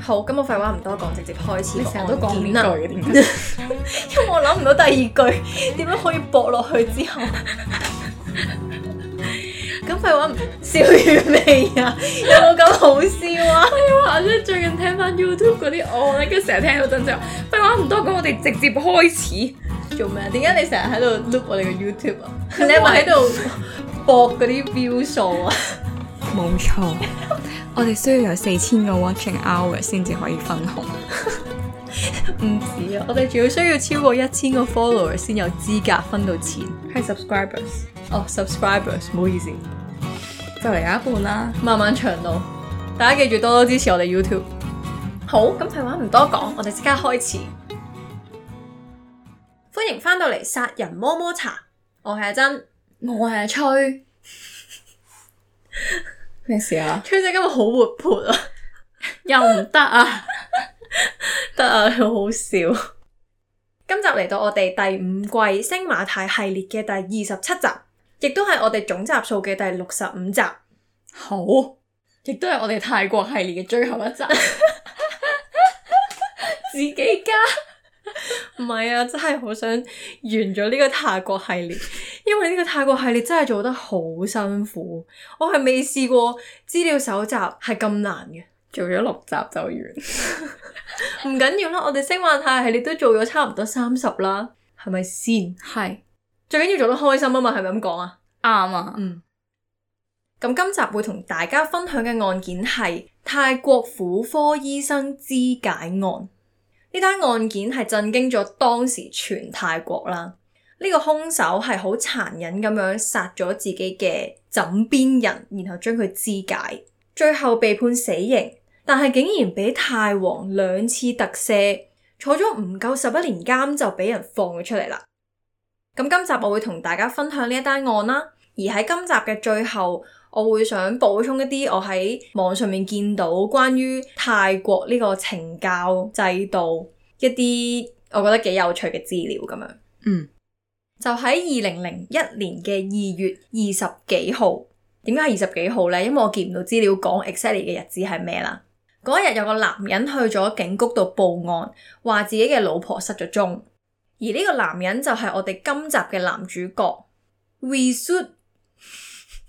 好，咁我廢話唔多講，直接開始。你成們日個案 都講兩句點解？為 因為我諗唔到第二句點樣可以駁落去之後。咁廢 話唔笑完未啊？ 有冇咁好笑啊？我即係最近聽翻 YouTube 嗰啲我咧，跟住成日聽到陣之後，廢話唔多講，我哋直接開始 做咩？點解你成日喺度 look 我哋嘅 YouTube 啊？ 你唔係喺度搏嗰啲 view 數啊？冇錯。我哋需要有四千個 watching hours 先至可以分紅，唔 止啊！我哋仲要需要超過一千個 follower 先有資格分到錢，係 subscribers。哦、oh，subscribers，唔好意思，就嚟有一半啦，漫漫長路。大家記住多多支持我哋 YouTube。好，咁廢話唔多講，我哋即刻開始。歡迎翻到嚟殺人摸摸茶，我係阿珍，我係阿吹。 咩事啊？崔姐今日好活潑啊，又唔得啊，得 啊，好好笑。今集嚟到我哋第五季星馬泰系列嘅第二十七集，亦都係我哋總集數嘅第六十五集，好，亦都係我哋泰國系列嘅最後一集， 自己。唔係啊，真係好想完咗呢個泰國系列，因為呢個泰國系列真係做得好辛苦，我係未試過資料搜集係咁難嘅，做咗六集就完，唔緊要啦，我哋星幻泰系列都做咗差唔多三十啦，係咪先？係是，最緊要做得開心啊嘛，係咪咁講啊？啱啊，嗯。咁今集會同大家分享嘅案件係泰國婦科醫生肢解案。呢單案件係震驚咗當時全泰國啦。呢、這個兇手係好殘忍咁樣殺咗自己嘅枕邊人，然後將佢肢解，最後被判死刑，但係竟然俾泰皇兩次特赦，坐咗唔夠十一年監就俾人放咗出嚟。啦。咁今集我會同大家分享呢一單案啦，而喺今集嘅最後。我會想補充一啲我喺網上面見到關於泰國呢個懲教制度一啲我覺得幾有趣嘅資料咁樣。嗯，就喺二零零一年嘅二月二十幾號，點解二十幾號呢？因為我見唔到資料講 exactly 嘅日子係咩啦。嗰日有個男人去咗警局度報案，話自己嘅老婆失咗蹤，而呢個男人就係我哋今集嘅男主角。We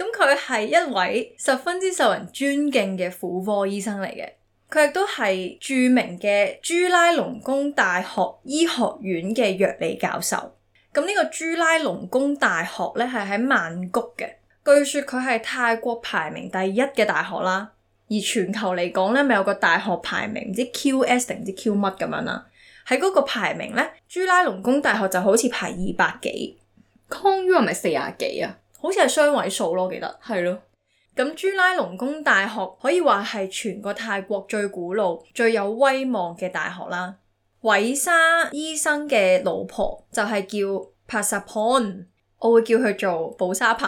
咁佢係一位十分之受人尊敬嘅婦科醫生嚟嘅，佢亦都係著名嘅朱拉隆功大學醫學院嘅藥理教授。咁呢個朱拉隆功大學咧係喺曼谷嘅，據說佢係泰國排名第一嘅大學啦。而全球嚟講咧，咪有個大學排名，唔知 QS 定唔知 Q 乜咁樣啦。喺嗰個排名咧，朱拉隆功大學就好似排二百幾，Con U 係咪四廿幾啊？好似係雙位數咯，記得係咯。咁朱拉隆功大學可以話係全個泰國最古老、最有威望嘅大學啦。韋莎醫生嘅老婆就係叫帕沙朋，我會叫佢做保沙朋。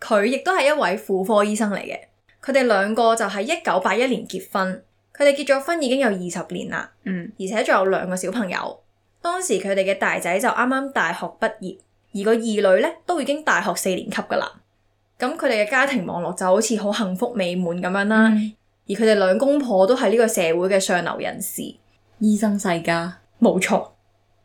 佢亦都係一位婦科醫生嚟嘅。佢哋兩個就喺一九八一年結婚，佢哋結咗婚已經有二十年啦。嗯，而且仲有兩個小朋友。當時佢哋嘅大仔就啱啱大學畢業。而個二女咧都已經大學四年級噶啦，咁佢哋嘅家庭網絡就好似好幸福美滿咁樣啦。嗯、而佢哋兩公婆都係呢個社會嘅上流人士，醫生世家，冇錯。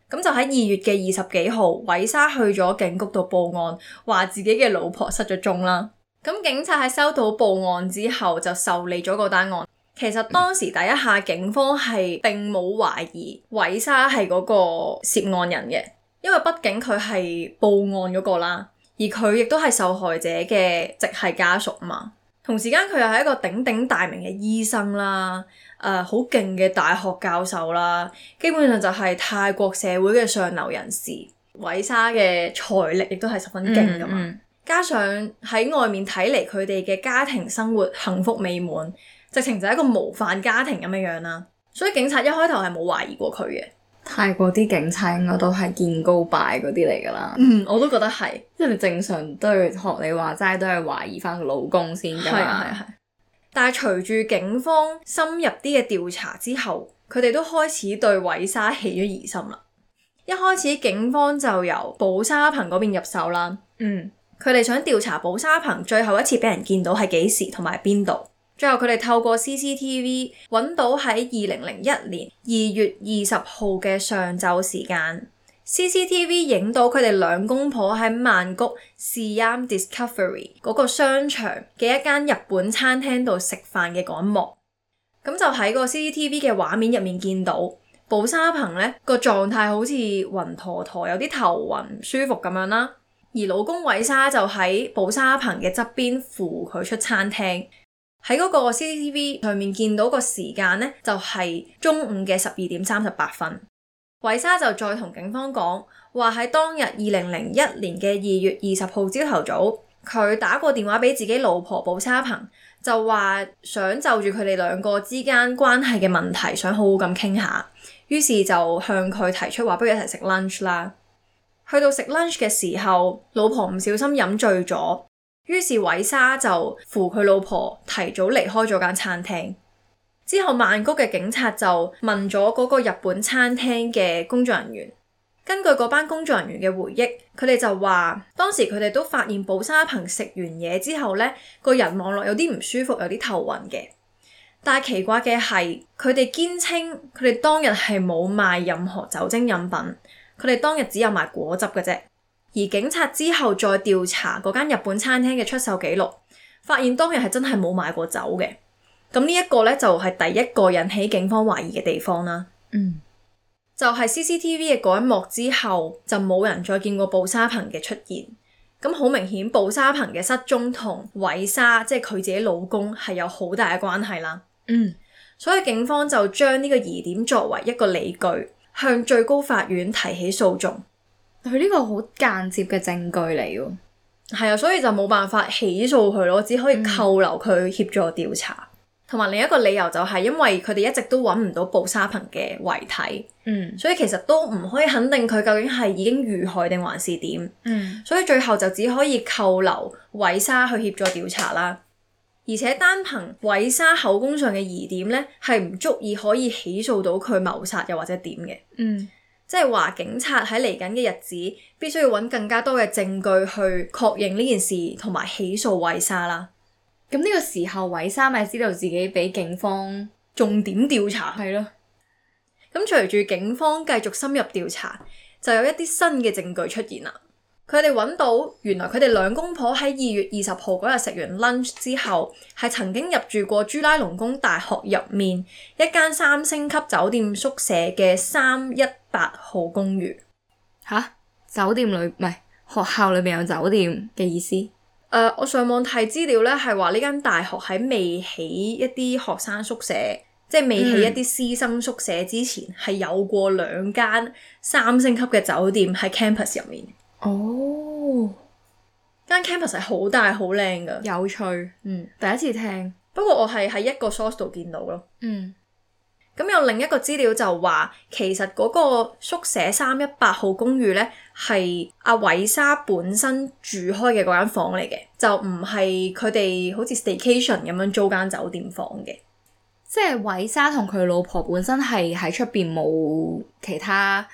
咁就喺二月嘅二十幾號，韋莎去咗警局度報案，話自己嘅老婆失咗蹤啦。咁警察喺收到報案之後就受理咗個單案。其實當時第一下警方係並冇懷疑韋莎係嗰個涉案人嘅。因為畢竟佢係報案嗰個啦，而佢亦都係受害者嘅直系家屬嘛。同時間佢又係一個鼎鼎大名嘅醫生啦，誒、呃，好勁嘅大學教授啦，基本上就係泰國社會嘅上流人士。韋莎嘅財力亦都係十分勁噶嘛，嗯嗯嗯。加上喺外面睇嚟佢哋嘅家庭生活幸福美滿，直情就係一個模範家庭咁樣樣啦。所以警察一開頭係冇懷疑過佢嘅。泰國啲警察應該都係見高拜嗰啲嚟㗎啦。嗯，我都覺得係，即係正常都係學你話齋，都係懷疑翻個老公先㗎嘛。係係係。但係隨住警方深入啲嘅調查之後，佢哋都開始對韋莎起咗疑心啦。一開始警方就由保沙朋嗰邊入手啦。嗯，佢哋想調查保沙朋最後一次俾人見到係幾時同埋邊度。最後佢哋透過 CCTV 揾到喺二零零一年二月二十號嘅上晝時間，CCTV 影到佢哋兩公婆喺曼谷 Siam Discovery 嗰個商場嘅一間日本餐廳度食飯嘅一幕。咁就喺個 CCTV 嘅畫面入面見到，保沙朋呢個狀態好似暈陀陀，有啲頭暈唔舒服咁樣啦。而老公韋莎就喺保沙朋嘅側邊扶佢出餐廳。喺嗰個 CCTV 上面見到個時間呢，就係中午嘅十二點三十八分。韋莎就再同警方講，話喺當日二零零一年嘅二月二十號朝頭早，佢打過電話俾自己老婆鮑沙朋，就話想就住佢哋兩個之間關係嘅問題，想好好咁傾下。於是就向佢提出話，不如一齊食 lunch 啦。去到食 lunch 嘅時候，老婆唔小心飲醉咗。於是韋莎就扶佢老婆提早離開咗間餐廳。之後，曼谷嘅警察就問咗嗰個日本餐廳嘅工作人員。根據嗰班工作人員嘅回憶，佢哋就話當時佢哋都發現保沙朋食完嘢之後咧，個人望落有啲唔舒服，有啲頭暈嘅。但奇怪嘅係，佢哋堅稱佢哋當日係冇賣任何酒精飲品，佢哋當日只有賣果汁嘅啫。而警察之後再調查嗰間日本餐廳嘅出售記錄，發現當日係真係冇買過酒嘅。咁呢一個咧就係第一個引起警方懷疑嘅地方啦。嗯，就係 CCTV 嘅嗰一幕之後，就冇人再見過布沙朋嘅出現。咁好明顯，布沙朋嘅失蹤同韋莎，即係佢自己老公，係有好大嘅關係啦。嗯，所以警方就將呢個疑點作為一個理據，向最高法院提起訴訟。佢呢個好間接嘅證據嚟喎。係啊，所以就冇辦法起訴佢咯，只可以扣留佢協助調查。同埋、嗯、另一個理由就係，因為佢哋一直都揾唔到布沙朋嘅遺體，嗯，所以其實都唔可以肯定佢究竟係已經遇害定還是點，嗯，所以最後就只可以扣留韋沙去協助調查啦。而且單憑韋沙口供上嘅疑點呢，係唔足以可以起訴到佢謀殺又或者點嘅，嗯。即係話警察喺嚟緊嘅日子，必須要揾更加多嘅證據去確認呢件事，同埋起訴韋莎啦。咁呢個時候，韋莎咪知道自己俾警方重點調查，係咯了。咁隨住警方繼續深入調查，就有一啲新嘅證據出現啦。佢哋揾到原來佢哋兩公婆喺二月二十號嗰日食完 lunch 之後，係曾經入住過朱拉隆功大學入面一間三星級酒店宿舍嘅三一八號公寓。嚇！酒店裏，唔係學校裏面有酒店嘅意思。誒、呃，我上網睇資料呢，係話呢間大學喺未起一啲學生宿舍，即、就、係、是、未起一啲師生宿舍之前，係、嗯、有過兩間三星級嘅酒店喺 campus 入面。哦，oh。間 campus 係好大好靚噶，有趣。嗯，第一次聽，不過我係喺一個 source 度見到咯。嗯，咁有另一個資料就話，其實嗰個宿舍三一八號公寓呢，係阿韋莎本身住開嘅嗰間房嚟嘅，就唔係佢哋好似 staycation 咁樣租間酒店房嘅。即係韋莎同佢老婆本身係喺出邊冇其他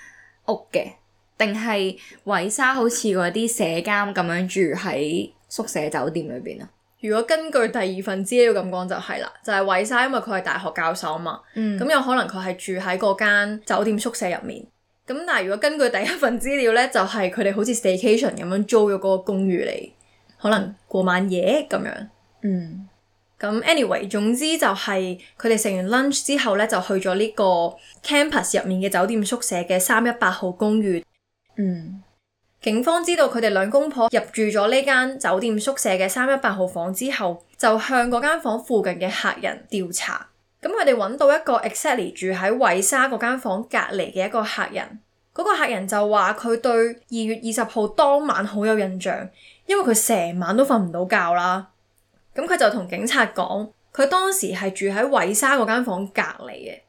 屋嘅。定係韋莎好似嗰啲社監咁樣住喺宿舍酒店裏邊啊？如果根據第二份資料咁講就係啦，就係韋莎，因為佢係大學教授啊嘛。嗯，咁有可能佢係住喺嗰間酒店宿舍入面。咁但係如果根據第一份資料呢，就係佢哋好似 staycation 咁樣租咗個公寓嚟，可能過晚夜咁樣。嗯，咁 anyway 總之就係佢哋食完 lunch 之後呢，就去咗呢個 campus 入面嘅酒店宿舍嘅三一八號公寓。嗯，警方知道佢哋兩公婆入住咗呢間酒店宿舍嘅三一八號房之後，就向嗰間房附近嘅客人調查。咁佢哋揾到一個 exactly 住喺維沙嗰間房隔籬嘅一個客人，嗰個客人就話佢對二月二十號當晚好有印象，因為佢成晚都瞓唔到覺啦。咁佢就同警察講，佢當時係住喺維沙嗰間房隔籬嘅，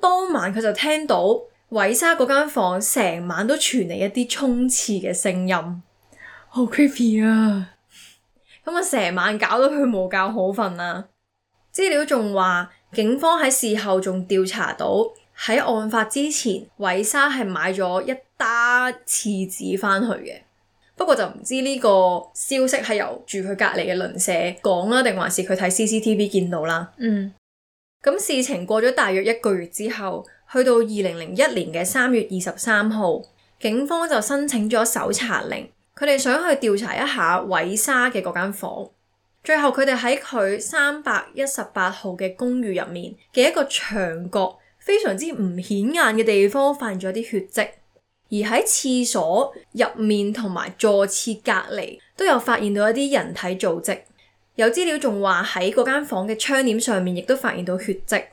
當晚佢就聽到。韋沙嗰間房成晚都傳嚟一啲沖廁嘅聲音，好 creepy 啊！咁啊，成晚搞到佢冇覺好瞓啦。資料仲話，警方喺事後仲調查到喺案發之前，韋沙係買咗一打厠紙翻去嘅。不過就唔知呢個消息係由住佢隔籬嘅鄰舍講啦，定還是佢睇 CCTV 見到啦。嗯，咁事情過咗大約一個月之後。去到二零零一年嘅三月二十三號，警方就申請咗搜查令，佢哋想去調查一下韋莎嘅嗰間房。最後佢哋喺佢三百一十八號嘅公寓入面嘅一個牆角，非常之唔顯眼嘅地方，發現咗啲血跡。而喺廁所入面同埋坐廁隔離，都有發現到一啲人體組織。有資料仲話喺嗰間房嘅窗簾上面，亦都發現到血跡。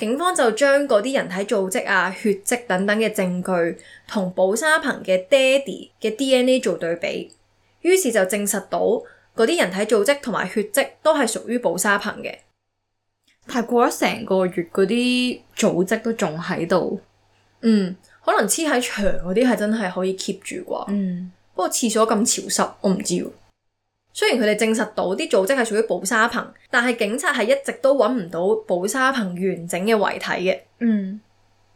警方就將嗰啲人體組織啊、血跡等等嘅證據同保沙棚嘅爹哋嘅 DNA 做對比，於是就證實到嗰啲人體組織同埋血跡都係屬於保沙棚嘅。但係過咗成個月，嗰啲組織都仲喺度，嗯，可能黐喺牆嗰啲係真係可以 keep 住啩？嗯，不過廁所咁潮濕，我唔知。雖然佢哋證實到啲組織係屬於保沙棚，但係警察係一直都揾唔到保沙棚完整嘅遺體嘅。嗯，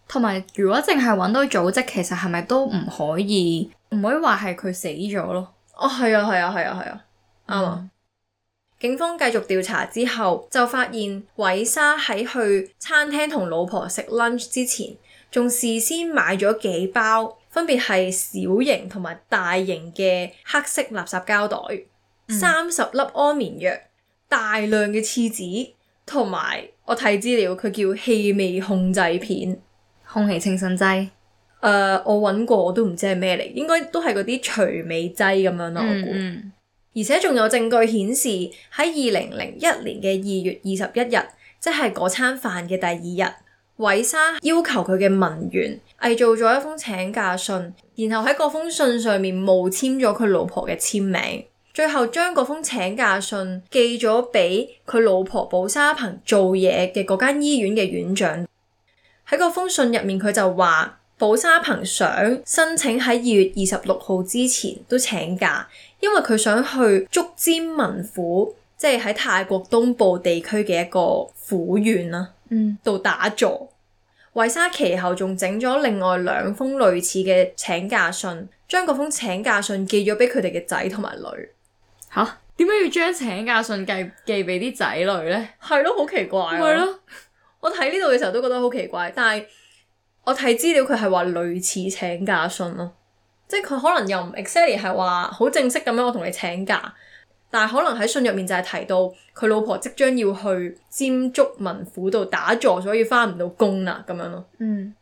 同埋如果淨係揾到組織，其實係咪都唔可以唔可以話係佢死咗咯？哦，係啊，係啊，係啊，係啊，啱啊。啊，警方繼續調查之後，就發現韋莎喺去餐廳同老婆食 lunch 之前，仲事先買咗幾包分別係小型同埋大型嘅黑色垃圾膠袋。三十粒安眠藥，大量嘅廁紙，同埋我睇資料，佢叫氣味控制片、空氣清新劑。誒，uh，我揾過，我都唔知係咩嚟，應該都係嗰啲除味劑咁樣啦，我估。而且仲有證據顯示，喺二零零一年嘅二月二十一日，即係嗰餐飯嘅第二日，韋沙要求佢嘅文員偽造咗一封請假信，然後喺嗰封信上面冒簽咗佢老婆嘅簽名。最後將嗰封請假信寄咗俾佢老婆保沙朋做嘢嘅嗰間醫院嘅院長。喺嗰封信入面，佢就話保沙朋想申請喺二月二十六號之前都請假，因為佢想去竹尖文府，即係喺泰國東部地區嘅一個府縣啊。嗯，度打坐。維沙其後仲整咗另外兩封類似嘅請假信，將嗰封請假信寄咗俾佢哋嘅仔同埋女。吓，點解，啊，要將請假信寄寄俾啲仔女呢？係咯，好奇怪啊。係咯，我睇呢度嘅時候都覺得好奇怪。但係我睇資料，佢係話類似請假信咯，啊，即係佢可能又唔 exactly 係話好正式咁樣，我同你請假。但係可能喺信入面就係提到佢老婆即將要去尖竹汶府度打坐，所以返唔到工啦咁樣咯。嗯，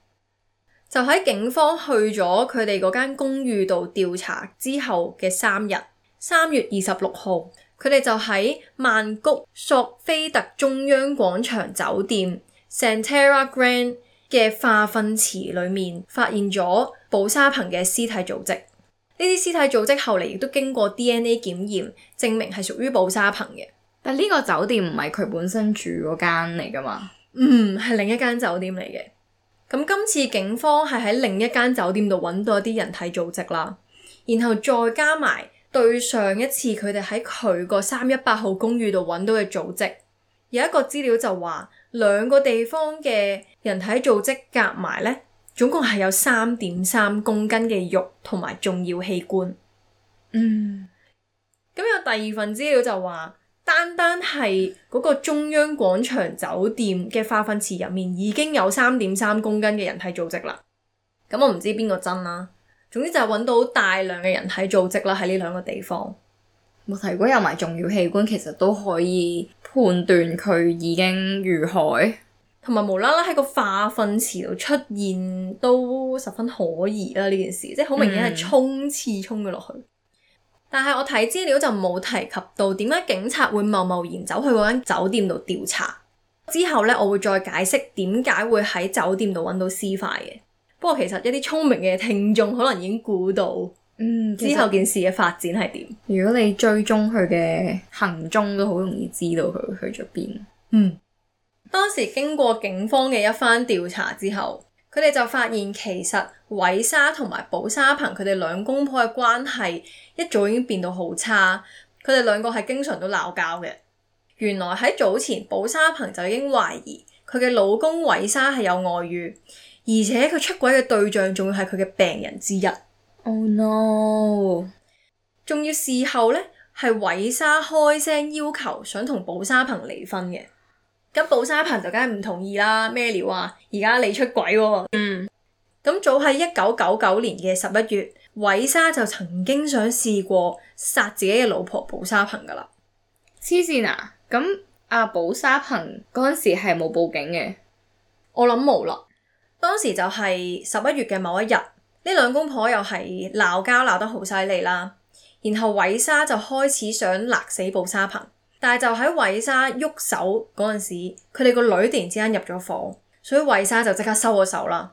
就喺警方去咗佢哋嗰間公寓度調查之後嘅三日。三月二十六號，佢哋就喺曼谷索菲特中央廣場酒店 （Centara Grand） 嘅化糞池裏面發現咗布沙朋嘅屍體組織。呢啲屍體組織後嚟亦都經過 DNA 檢驗，證明係屬於布沙朋嘅。但呢個酒店唔係佢本身住嗰間嚟㗎嘛？嗯，係另一間酒店嚟嘅。咁今次警方係喺另一間酒店度揾到一啲人體組織啦，然後再加埋，對上一次佢哋喺佢個三一八號公寓度揾到嘅組織，有一個資料就話兩個地方嘅人體組織夾埋呢，總共係有三點三公斤嘅肉同埋重要器官。嗯，咁有第二份資料就話，單單係嗰個中央廣場酒店嘅化糞池入面已經有三點三公斤嘅人體組織啦。咁我唔知邊個真啦。總之就係揾到大量嘅人體組織啦，喺呢兩個地方。冇提如果有埋重要器官，其實都可以判斷佢已經遇害，同埋無啦啦喺個化糞池度出現都十分可疑啦。呢件事即係好明顯係沖廁沖咗落去。嗯、但係我睇資料就冇提及到點解警察會貿貿然走去嗰間酒店度調查。之後呢，我會再解釋點解會喺酒店度揾到屍塊嘅。不過其實一啲聰明嘅聽眾可能已經估到，嗯，之後件事嘅發展係點？如果你追蹤佢嘅行蹤，都好容易知道佢去咗邊。嗯，當時經過警方嘅一番調查之後，佢哋就發現其實韋莎同埋保沙朋佢哋兩公婆嘅關係一早已經變到好差，佢哋兩個係經常都鬧交嘅。原來喺早前，保沙朋就已經懷疑佢嘅老公韋莎係有外遇。而且佢出軌嘅對象仲要係佢嘅病人之一，oh no！仲要事後咧係韋莎開聲要求想同寶沙鵬離婚嘅，咁寶沙鵬就梗係唔同意啦。咩料啊？而家你出軌，mm. 嗯，咁早喺一九九九年嘅十一月，韋莎就曾經想試過殺自己嘅老婆寶沙鵬噶啦。黐線啊！咁阿寶沙鵬嗰陣時係冇報警嘅，我諗冇啦。當時就係十一月嘅某一日，呢兩公婆又係鬧交鬧得好犀利啦。然後韋莎就開始想勒死布沙朋，但係就喺韋莎喐手嗰陣時，佢哋個女突然之間入咗房，所以韋莎就即刻收咗手啦。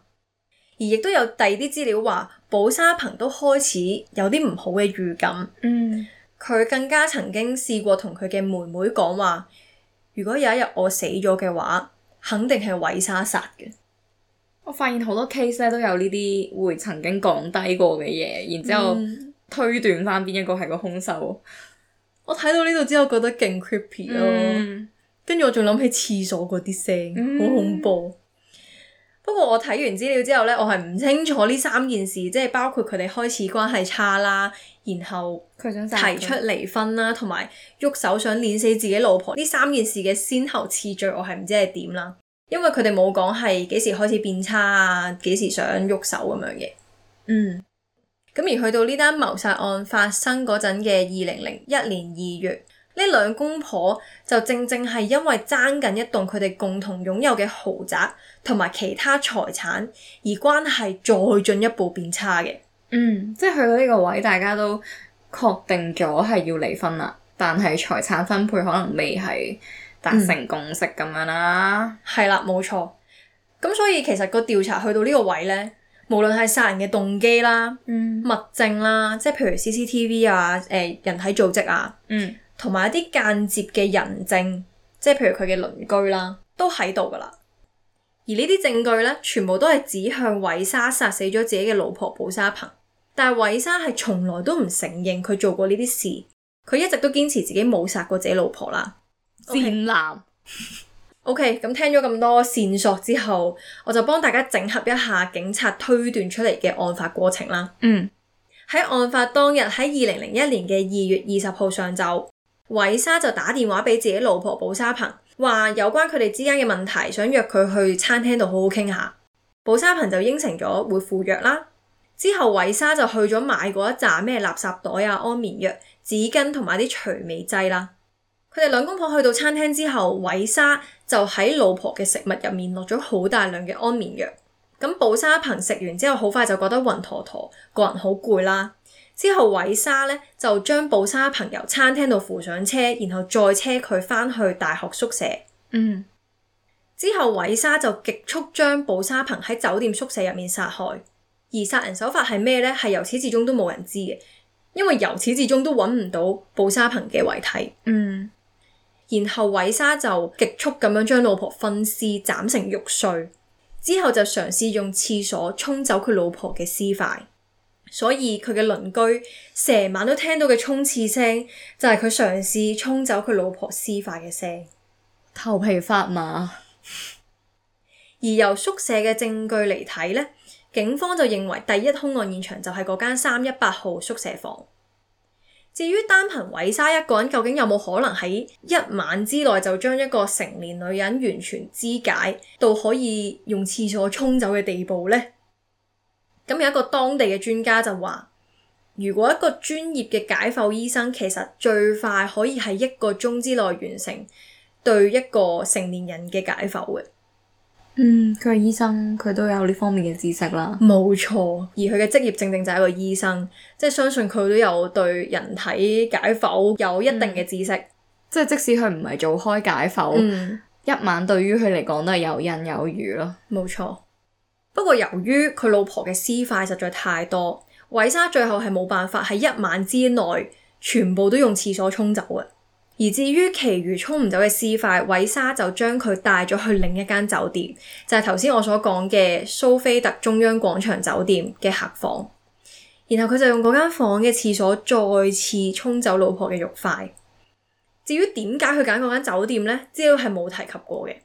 而亦都有第二啲資料話，布沙朋都開始有啲唔好嘅預感。嗯，佢更加曾經試過同佢嘅妹妹講話，如果有一日我死咗嘅話，肯定係韋莎殺嘅。我發現好多 case 咧，都有呢啲會曾經講低過嘅嘢，然之後推斷翻邊一個係個兇手。嗯、我睇到呢度之後覺得勁 creepy 咯、啊，跟住、嗯、我仲諗起廁所嗰啲聲，好、嗯、恐怖。不過我睇完資料之後咧，我係唔清楚呢三件事，即係包括佢哋開始關係差啦，然後佢想提出離婚啦，同埋喐手想捏死自己老婆呢三件事嘅先後次序，我係唔知係點啦。因為佢哋冇講係幾時開始變差啊，幾時想喐手咁樣嘅。嗯，咁而去到呢單謀殺案發生嗰陣嘅二零零一年二月，呢兩公婆就正正係因為爭緊一棟佢哋共同擁有嘅豪宅同埋其他財產而關係再進一步變差嘅。嗯，即係去到呢個位，大家都確定咗係要離婚啦，但係財產分配可能未係。達成共識咁樣啦，係啦、嗯，冇錯。咁所以其實個調查去到呢個位咧，無論係殺人嘅動機啦、嗯、物證啦，即係譬如 CCTV 啊、誒、呃、人體組織啊，同埋、嗯、一啲間接嘅人證，即係譬如佢嘅鄰居啦，都喺度噶啦。而呢啲證據咧，全部都係指向韋莎殺死咗自己嘅老婆布沙鵬，但係韋沙係從來都唔承認佢做過呢啲事，佢一直都堅持自己冇殺過自己老婆啦。線 Okay. 善男 OK。咁聽咗咁多線索之後，我就幫大家整合一下警察推斷出嚟嘅案發過程啦。嗯，喺案發當日喺二零零一年嘅二月二十號上晝，韋莎就打電話俾自己老婆寶沙朋，話有關佢哋之間嘅問題，想約佢去餐廳度好好傾下。寶沙朋就應承咗會赴約啦。之後韋莎就去咗買過一紮咩垃圾袋啊、安眠藥、紙巾同埋啲除味劑啦。我哋兩公婆去到餐廳之後，偉莎就喺老婆嘅食物入面落咗好大量嘅安眠藥。咁，布沙鵬食完之後，好快就覺得暈陀陀，個人好攰啦。之後韋呢，偉莎咧就將布沙鵬由餐廳度扶上車，然後再車佢翻去大學宿舍。嗯。之後，偉莎就極速將布沙鵬喺酒店宿舍入面殺害。而殺人手法係咩咧？係由始至終都冇人知嘅，因為由始至終都揾唔到布沙鵬嘅遺體。嗯。然後韋莎就極速咁樣將老婆分屍斬成肉碎，之後就嘗試用廁所沖走佢老婆嘅屍塊，所以佢嘅鄰居成晚都聽到嘅沖廁聲就係、是、佢嘗試沖走佢老婆屍塊嘅聲。頭皮發麻。而由宿舍嘅證據嚟睇咧，警方就認為第一凶案現場就係嗰間三一八號宿舍房。至於單憑韋沙一個人，究竟有冇可能喺一晚之內就將一個成年女人完全肢解到可以用廁所沖走嘅地步呢？咁有一個當地嘅專家就話，如果一個專業嘅解剖醫生，其實最快可以喺一個鐘之內完成對一個成年人嘅解剖嘅。嗯，佢係醫生，佢都有呢方面嘅知識啦。冇錯，而佢嘅職業正正就係一個醫生，即係相信佢都有對人體解剖有一定嘅知識。即係、嗯就是、即使佢唔係做開解剖，嗯、一晚對於佢嚟講都係游刃有餘咯。冇錯。不過由於佢老婆嘅屍塊實在太多，偉莎最後係冇辦法喺一晚之內全部都用廁所沖走嘅。而至於其餘沖唔走嘅屍塊，韋莎就將佢帶咗去另一間酒店，就係頭先我所講嘅蘇菲特中央廣場酒店嘅客房。然後佢就用嗰間房嘅廁所再次沖走老婆嘅肉塊。至於點解佢揀嗰間酒店呢？資料係冇提及過嘅。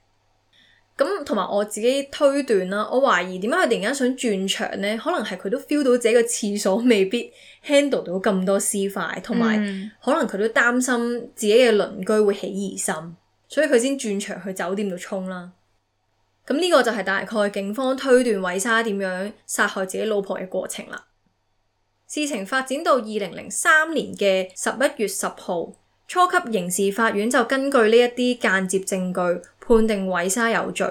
咁同埋我自己推斷啦，我懷疑點解佢突然間想轉場呢？可能係佢都 feel 到自己嘅廁所未必 handle 到咁多屍塊，同埋可能佢都擔心自己嘅鄰居會起疑心，所以佢先轉場去酒店度沖啦。咁呢個就係大概警方推斷韋莎點樣殺害自己老婆嘅過程啦。事情發展到二零零三年嘅十一月十號，初級刑事法院就根據呢一啲間接證據，判定韋莎有罪，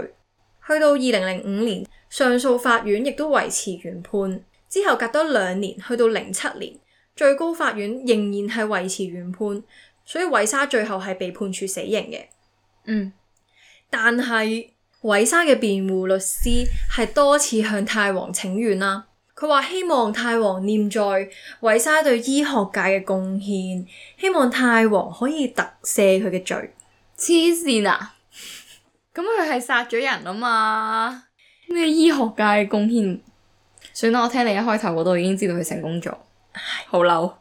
去到二零零五年，上訴法院亦都維持原判。之後隔多兩年，去到零七年，最高法院仍然係維持原判，所以韋莎最後係被判處死刑嘅。嗯，但係韋莎嘅辯護律師係多次向泰王請願啦，佢話希望泰王念在韋莎對醫學界嘅貢獻，希望泰王可以特赦佢嘅罪。黐線啊！咁佢係殺咗人啊嘛？咩醫學界貢獻？算啦，我聽你一開頭我都已經知道佢成功咗，好嬲。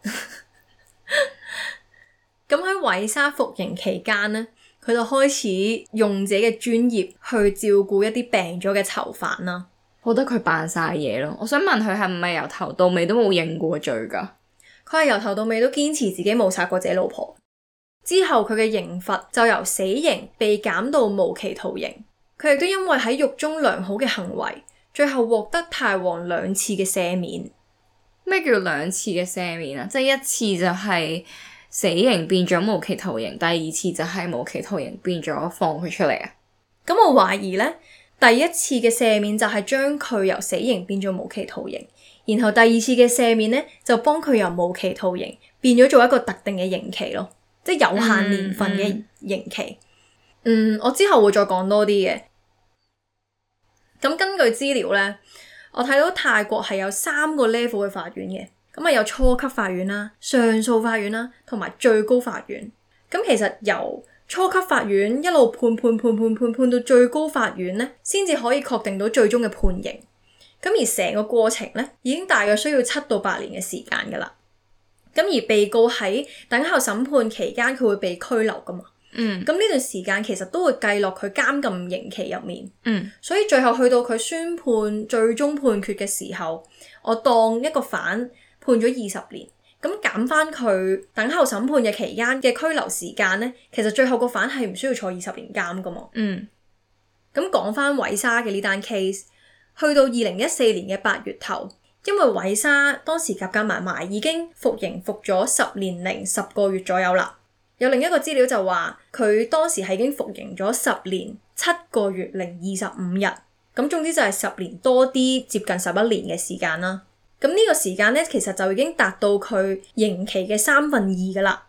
咁喺韋莎服刑期間呢，佢就開始用自己嘅專業去照顧一啲病咗嘅囚犯啦。我覺得佢扮晒嘢咯，我想問佢係唔係由頭到尾都冇認過罪㗎？佢係由頭到尾都堅持自己冇殺過自己老婆。之後佢嘅刑罰就由死刑被減到無期徒刑，佢亦都因為喺獄中良好嘅行為，最後獲得泰皇兩次嘅赦免。咩叫兩次嘅赦免啊？即係一次就係死刑變咗無期徒刑，第二次就係無期徒刑變咗放佢出嚟啊。咁我懷疑呢，第一次嘅赦免就係將佢由死刑變咗無期徒刑，然後第二次嘅赦免呢，就幫佢由無期徒刑變咗做一個特定嘅刑期咯。即係有限年份嘅刑期。嗯，嗯，嗯，我之後會再講多啲嘅。咁根據資料呢，我睇到泰國係有三個 level 嘅法院嘅。咁啊，有初級法院啦、上訴法院啦，同埋最高法院。咁其實由初級法院一路判判判判判判到最高法院呢，先至可以確定到最終嘅判刑。咁而成個過程呢，已經大約需要七到八年嘅時間㗎喇。咁而被告喺等候審判期間，佢會被拘留噶嘛？嗯。咁呢段時間其實都會計落佢監禁刑期入面。嗯。所以最後去到佢宣判最終判決嘅時候，我當一個犯判咗二十年，咁減翻佢等候審判嘅期間嘅拘留時間咧，其實最後個犯係唔需要坐二十年監噶嘛。嗯。咁講翻韋莎嘅呢單 case，去到二零一四年嘅八月頭。因為韋莎當時夾夾埋埋已經服刑服咗十年零十個月左右啦。有另一個資料就話佢當時係已經服刑咗十年七個月零二十五日，咁總之就係十年多啲，接近十一年嘅時間啦。咁、這、呢個時間咧，其實就已經達到佢刑期嘅三分二噶啦，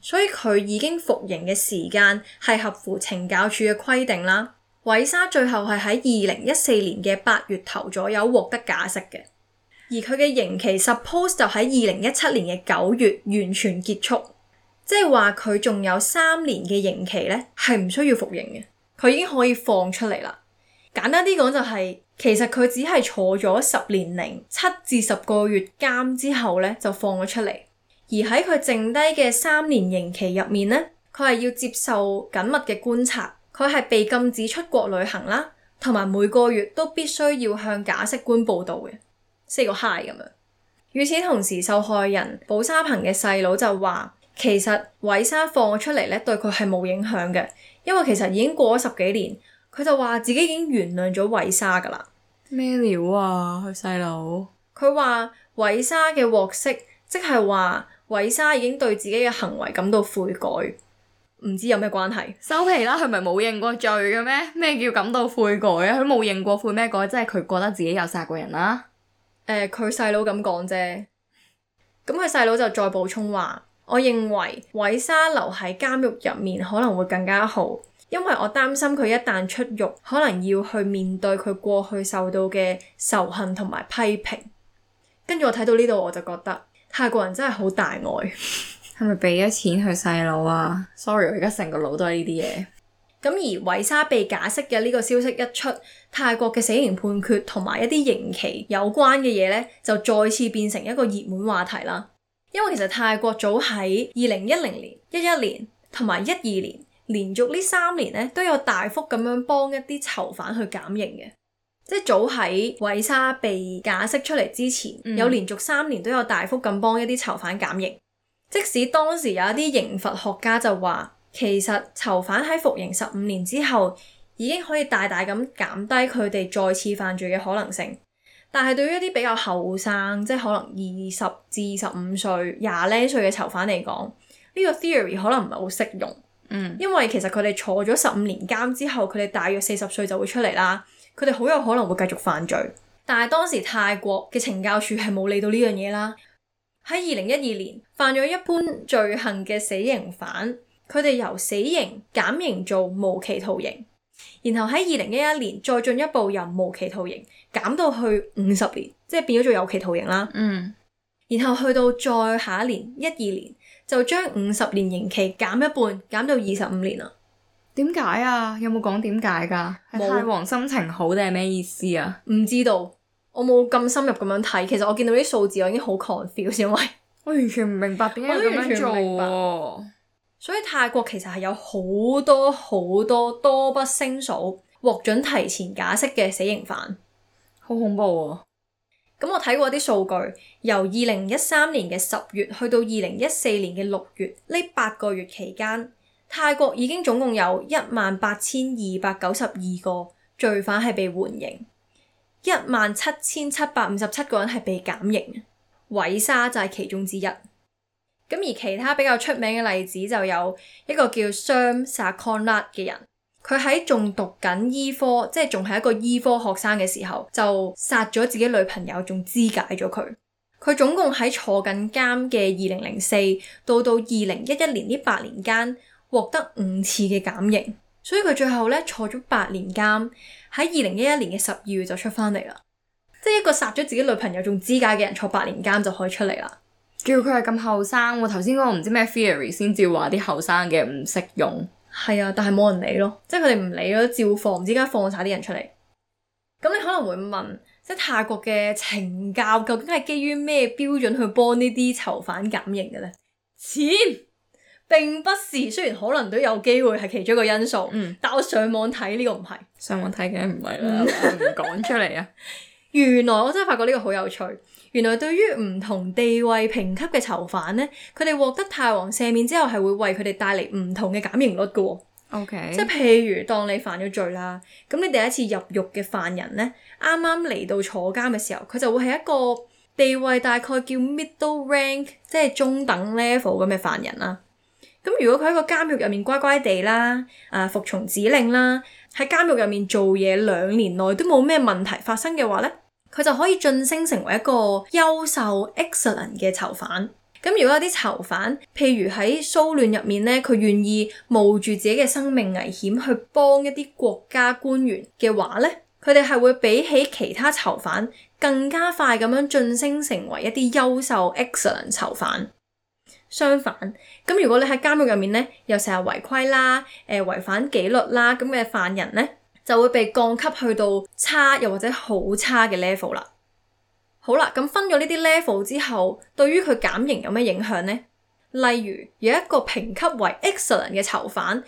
所以佢已經服刑嘅時間係合乎懲教署嘅規定啦。韋莎最後係喺二零一四年嘅八月頭左右獲得假釋嘅。而佢嘅刑期 suppose 就喺二零一七年嘅九月完全結束，即係話，佢仲有三年嘅刑期咧，係唔需要服刑嘅，佢已經可以放出嚟啦。簡單啲講，就係，就係其實，佢只係坐咗十年零七至十個月監之後咧，就放咗出嚟。而喺佢剩低嘅三年刑期入面咧，佢係要接受緊密嘅觀察，佢係被禁止出國旅行啦，同埋每個月都必須要向假釋官報道嘅。四個嗨 i g h 咁樣。與此同時，受害人保沙鵬嘅細佬就話：其實韋莎放出嚟咧，對佢係冇影響嘅，因為其實已經過咗十幾年。佢就話自己已經原諒咗韋莎噶啦。咩料啊？佢細佬佢話韋莎嘅獲釋，即係話韋莎已經對自己嘅行為感到悔改，唔知有咩關係？收皮啦，佢咪冇認過罪嘅咩？咩叫感到悔改啊？佢冇認過悔咩改？即係佢覺得自己有殺過人啦。誒佢細佬咁講啫，咁佢細佬就再補充話：我認為韋莎留喺監獄入面可能會更加好，因為我擔心佢一旦出獄，可能要去面對佢過去受到嘅仇恨同埋批評。跟住我睇到呢度，我就覺得泰國人真係好大愛，係咪俾咗錢佢細佬啊？Sorry，我而家成個腦都係呢啲嘢。咁而維莎被假釋嘅呢個消息一出，泰國嘅死刑判決同埋一啲刑期有關嘅嘢呢，就再次變成一個熱門話題啦。因為其實泰國早喺二零一零年、一一年同埋一二年連續呢三年呢，都有大幅咁樣幫一啲囚犯去減刑嘅，即係早喺維莎被假釋出嚟之前，嗯、有連續三年都有大幅咁幫一啲囚犯減刑，即使當時有一啲刑罰學家就話。其實囚犯喺服刑十五年之後，已經可以大大咁減低佢哋再次犯罪嘅可能性。但係對於一啲比較後生，即係可能二十至十五歲、廿零歲嘅囚犯嚟講，呢個 theory 可能唔係好適用。嗯，因為其實佢哋坐咗十五年監之後，佢哋大約四十歲就會出嚟啦。佢哋好有可能會繼續犯罪。但係當時泰國嘅懲教署係冇理到呢樣嘢啦。喺二零一二年，犯咗一般罪行嘅死刑犯，佢哋由死刑減刑做無期徒刑，然後喺二零一一年再進一步由無期徒刑減到去五十年，即係變咗做有期徒刑啦。嗯，然後去到再下一年一二年就將五十年刑期減一半，減到二十五年啦。點解啊？有冇講點解㗎？泰皇心情好定係咩意思啊？唔知道，我冇咁深入咁樣睇。其實我見到啲數字，我已經好 confused，因為我完全唔明白點解咁樣做。所以泰國其實係有好多好多多不勝數獲准提前假釋嘅死刑犯，好恐怖啊！咁我睇過啲數據，由二零一三年嘅十月去到二零一四年嘅六月，呢八個月期間，泰國已經總共有一萬八千二百九十二個罪犯係被緩刑，一萬七千七百五十七個人係被減刑嘅，韋沙就係其中之一。咁而其他比較出名嘅例子就有一個叫 Sam Sakonat 嘅人，佢喺仲讀緊醫科，即係仲係一個醫科學生嘅時候，就殺咗自己女朋友，仲肢解咗佢。佢總共喺坐緊監嘅二零零四到到二零一一年呢八年間獲得五次嘅減刑，所以佢最後咧坐咗八年監，喺二零一一年嘅十二月就出翻嚟啦。即係一個殺咗自己女朋友仲肢解嘅人坐八年監就可以出嚟啦。叫佢係咁後生喎。頭先嗰個唔知咩 theory 先至話啲後生嘅唔識用，係啊，但係冇人理咯，即係佢哋唔理咯，照放，唔知點解放晒啲人出嚟。咁你可能會問，即係泰國嘅懲教究竟係基於咩標準去幫呢啲囚犯減刑嘅呢？錢？並不是，雖然可能都有機會係其中一個因素，嗯，但我上網睇呢個唔係，上網睇嘅唔係啦，唔講 出嚟啊！原來我真係發覺呢個好有趣。原來對於唔同地位評級嘅囚犯咧，佢哋獲得泰王赦免之後，係會為佢哋帶嚟唔同嘅減刑率嘅，哦。OK，即係譬如當你犯咗罪啦，咁你第一次入獄嘅犯人咧，啱啱嚟到坐監嘅時候，佢就會係一個地位大概叫 middle rank，即係中等 level 咁嘅犯人啦。咁如果佢喺個監獄入面乖乖地啦，啊，服從指令啦，喺監獄入面做嘢兩年內都冇咩問題發生嘅話咧。佢就可以晉升成為一個優秀 excellent 嘅囚犯。咁如果有啲囚犯，譬如喺騷亂入面咧，佢願意冒住自己嘅生命危險去幫一啲國家官員嘅話咧，佢哋係會比起其他囚犯更加快咁樣晉升成為一啲優秀 excellent 囚犯。相反，咁如果你喺監獄入面咧，又成日違規啦，誒、呃、違反紀律啦，咁嘅犯人咧。就會被降級去到差又或者好差嘅 level 啦。好啦，咁分咗呢啲 level 之後，對於佢減刑有咩影響呢？例如有一個評級為 excellent 嘅囚犯，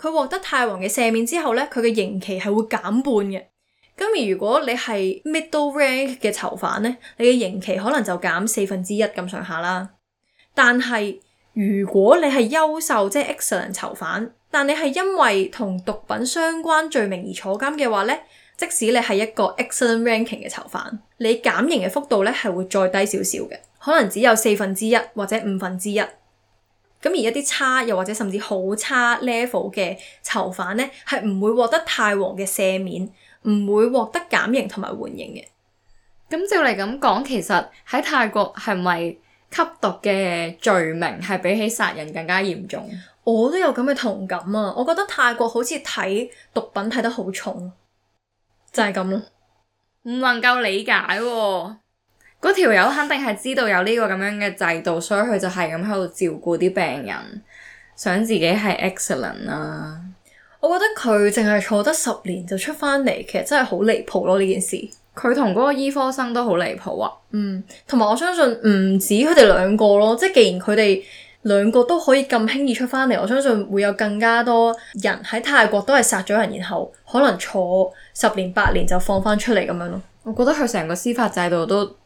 佢獲得泰皇嘅赦免之後咧，佢嘅刑期係會減半嘅。咁而如果你係 middle rank 嘅囚犯咧，你嘅刑期可能就減四分之一咁上下啦。但係如果你係優秀，即係 excellent 囚犯。但你係因為同毒品相關罪名而坐監嘅話呢，即使你係一個 excellent ranking 嘅囚犯，你減刑嘅幅度呢係會再低少少嘅，可能只有四分之一或者五分之一。咁而一啲差又或者甚至好差 level 嘅囚犯呢，係唔會獲得泰王嘅赦免，唔會獲得減刑同埋緩刑嘅。咁照嚟咁講，其實喺泰國係咪吸毒嘅罪名係比起殺人更加嚴重？我都有咁嘅同感啊！我覺得泰國好似睇毒品睇得好重，就係咁咯。唔能夠理解喎，啊，嗰條友肯定係知道有呢個咁樣嘅制度，所以佢就係咁喺度照顧啲病人，想自己係 excellent 啊！我覺得佢淨係坐得十年就出翻嚟，其實真係好離譜咯！呢件事，佢同嗰個醫科生都好離譜啊！嗯，同埋我相信唔止佢哋兩個咯，即係既然佢哋。兩個都可以咁輕易出翻嚟，我相信會有更加多人喺泰國都係殺咗人，然後可能坐十年八年就放翻出嚟咁樣咯。我覺得佢成個司法制度都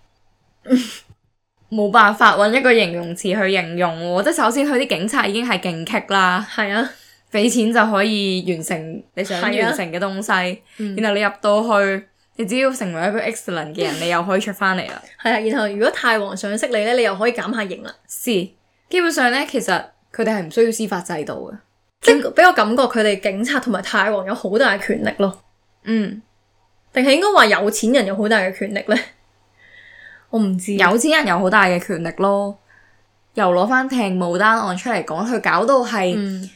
冇 辦法揾一個形容詞去形容喎。即係首先佢啲警察已經係勁棘啦，係啊，俾錢就可以完成你想完成嘅東西。啊、然後你入到去，你只要成為一個 excellent 嘅 人，你又可以出翻嚟啊。係啊，然後如果泰皇想識你呢，你又可以減下刑啦。是。基本上咧，其實佢哋係唔需要司法制度嘅，即係俾我感覺佢哋警察同埋泰王有好大嘅權力咯。嗯，定係應該話有錢人有好大嘅權力咧？我唔知。有錢人有好大嘅權力咯，又攞翻 Tangmo 單案出嚟講，佢搞到係、嗯、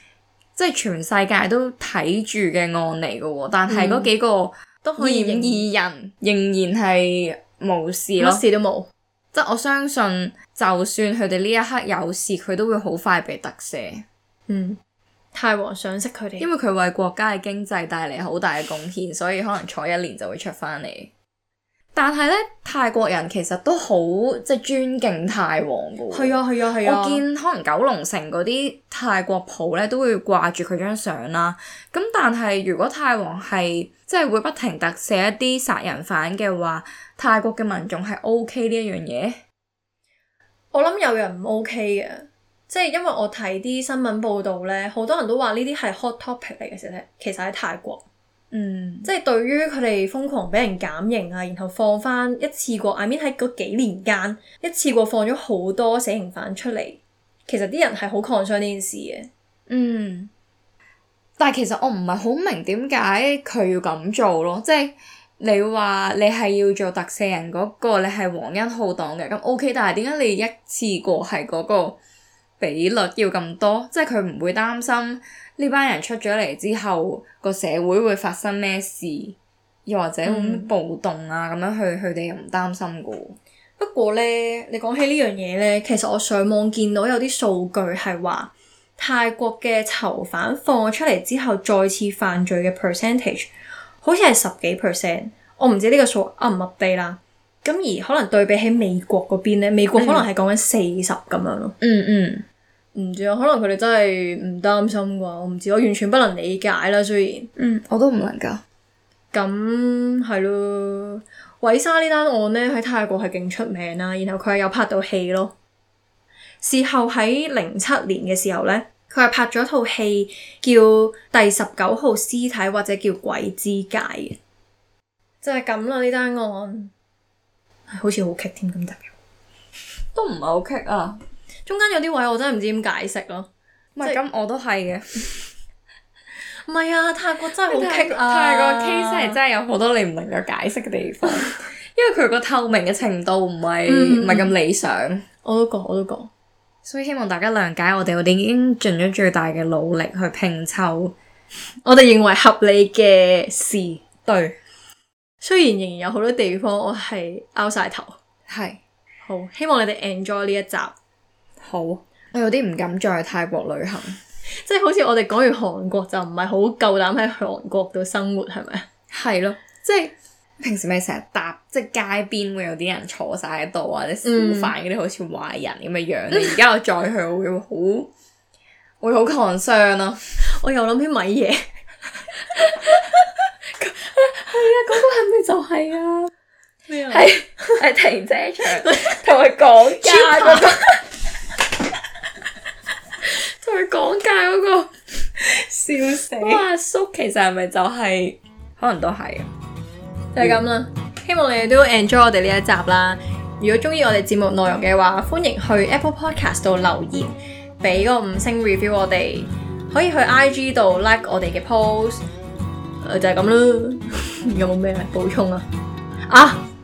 即係全世界都睇住嘅案嚟嘅喎，但係嗰幾個都嫌疑人仍然係無事咯，嗯、都事都冇。即我相信，就算佢哋呢一刻有事，佢都會好快被特赦。嗯，泰皇賞識佢哋，因為佢為國家嘅經濟帶嚟好大嘅貢獻， 所以可能坐一年就會出翻嚟。但係咧，泰國人其實都好即係尊敬泰皇噶喎。係啊係啊係啊！啊啊我見可能九龍城嗰啲泰國鋪咧，都會掛住佢張相啦。咁但係，如果泰皇係即係會不停特赦一啲殺人犯嘅話，泰國嘅民眾係 O K 呢一樣嘢？我諗有人唔 O K 嘅，即係因為我睇啲新聞報道咧，好多人都話呢啲係 hot topic 嚟嘅時候其實喺泰國。嗯，即係對於佢哋瘋狂俾人減刑啊，然後放翻一次過，I mean 喺嗰幾年間一次過放咗好多死刑犯出嚟，其實啲人係好抗傷呢件事嘅。嗯，但係其實我唔係好明點解佢要咁做咯，即係你話你係要做特赦人嗰個，你係皇恩浩蕩嘅咁 OK，但係點解你一次過係嗰個？比率要咁多，即係佢唔會擔心呢班人出咗嚟之後個社會會發生咩事，又或者會暴動啊咁樣，佢佢哋又唔擔心噶。不過咧，你講起呢樣嘢咧，其實我上網見到有啲數據係話泰國嘅囚犯放出嚟之後再次犯罪嘅 percentage 好似係十幾 percent，我唔知呢個數啱唔啱啲啦。咁而可能對比起美國嗰邊咧，美國可能係講緊四十咁樣咯。嗯嗯。唔知啊，可能佢哋真係唔擔心啩，我唔知，我完全不能理解啦。雖然，嗯，我都唔能夠。咁係咯，韋莎呢單案咧喺泰國係勁出名啦，然後佢係有拍到戲咯。事後喺零七年嘅時候咧，佢係拍咗一套戲叫《第十九號屍體》或者叫《鬼之界》嘅，就係咁啦。呢單案，哎、好似好劇添咁，得都唔係好劇啊。中間有啲位我真係唔知點解釋咯，唔係咁我都係嘅，唔係啊，泰國真係好棘，泰國、啊、泰國 case 真係有好多你唔能夠解釋嘅地方， 因為佢個透明嘅程度唔係唔係咁理想。我都覺，我都覺，所以希望大家諒解我哋，我哋已經盡咗最大嘅努力去拼湊，我哋認為合理嘅事對， 雖然仍然有好多地方我係拗晒頭，係是好希望你哋 enjoy 呢一集。好，我有啲唔敢再去泰國旅行，即係 好似我哋講完韓國就唔係好夠膽喺韓國度生活，係咪？係咯，即係 平時咪成日搭，即係街邊會有啲人坐晒喺度或者小販嗰啲。嗯、好似壞人咁嘅樣。而家、嗯、我再去，我會好，會好抗傷咯。我又諗起米嘢，係啊，嗰個係咪就係啊？咩啊？係係停車場同佢講價個。講解嗰個笑死哇，阿叔、叔其實係咪就係、是、 可能都係， 就係咁啦。希望你哋都 enjoy 我哋呢一集啦。如果中意我哋節目內容嘅話，歡迎去 Apple Podcast 度留言，俾個五星 review 我哋。可以去 IG 度 like 我哋嘅 post，呃、就係咁啦。 有冇咩補充啊？啊！